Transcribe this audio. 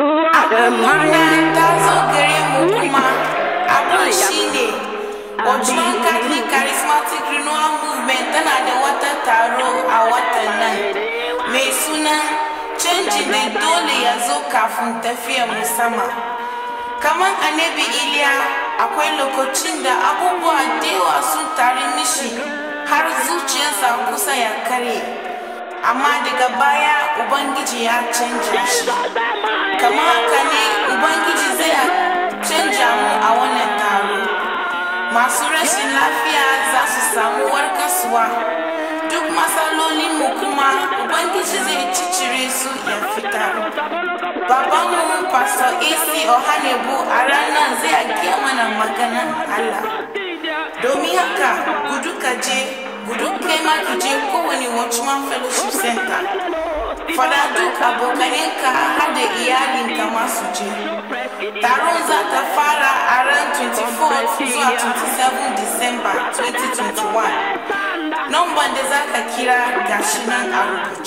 Magana ta zo gare mu kuma abin shi ne Ojuwan Catholic Charismatic Renewal Movement tana da wata taro a watan nan mai suna canji da dole ya zo kafin tafiya mu sama. Kamar annabi Iliya akwai lokacin da abubuwa da yawa sun tari mishi har zuciyarsa kusa ya karye. Amma daga baya Ubangiji ya canza shi. kamar haka ne ubangiji zai canja mu a wannan taro masu rashin lafiya za su samu warkaswa duk mu kuma ubangiji zai cicire su ya fita babanmu pastor isi ohanebu a ranar zai giya mana maganan allah domin haka gudu ka je gudu kai ma ki je kowane watchman fellowship center fada duk abokanenka har That runs at the Father around twenty-four to 27 December 2021. Number Desert Akira Gashinan Arubu.